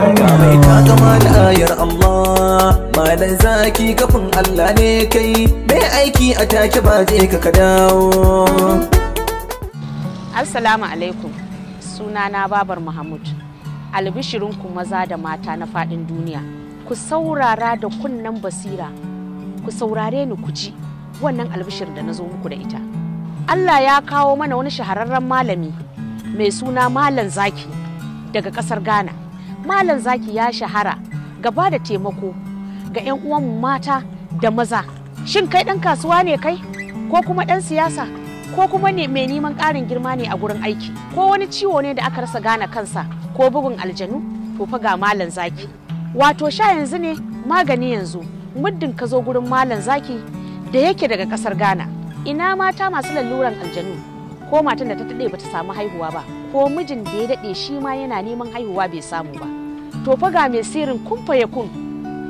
Allah malan zaki kafin Allah ne kai mai aiki a take ba je ka ka dawo Assalamu alaikum sunana babar Muhammad ku maza da mata na faɗin duniya ku saurara da kunnen basira ku saurare ni ku ji wannan albishir da na zo muku da ita Allah ya kawo mana wani shahararren malami mai suna Malam Zaki daga ƙasar Ghana malam zaki ya shahara gaba da taimako ga 'yan uwan mata da maza shin kai ɗan kasuwa ne kai ko kuma ɗan siyasa ko kuma ne mai neman ƙarin girma ne a gurin aiki ko wani ciwo ne da aka rasa gane kansa ko bugun aljanu to fa ga malam zaki wato sha yanzu ne magani yanzu muddin ka zo gurin malam zaki da yake daga ƙasar ghana ina mata masu laluran aljanu ko matan da ta daɗe ta samu haihuwa ba ko mijin da ya daɗe shi ma yana neman haihuwa bai samu ba to fa ga mai sirrin kun fa kun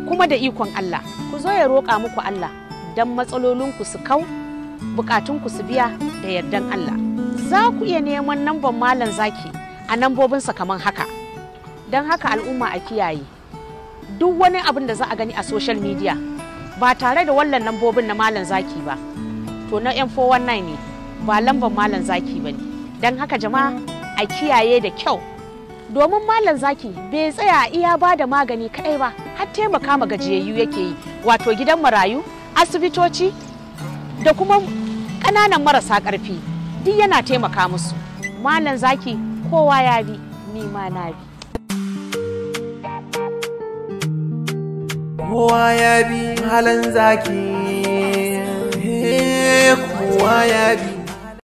kuma da ikon Allah ku zo ya roƙa muku Allah dan matsalolinku su kau ku su biya da yardan Allah za ku iya neman namban malam zaki a sa kamar haka dan haka al'umma a kiyaye duk wani abin da za a gani a social media ba tare da wallan nambobin na malam zaki ba to na 419 ne ba lambar malam zaki ba ne don haka jama'a a kiyaye da kyau domin malam zaki bai tsaya iya ba da magani kaɗai ba har taimaka ma gajiyayyu yake yi wato gidan marayu asibitoci da kuma ƙananan marasa ƙarfi duk yana taimaka musu malam zaki kowa ya bi ni ma na bi kowa ya bi halin zaki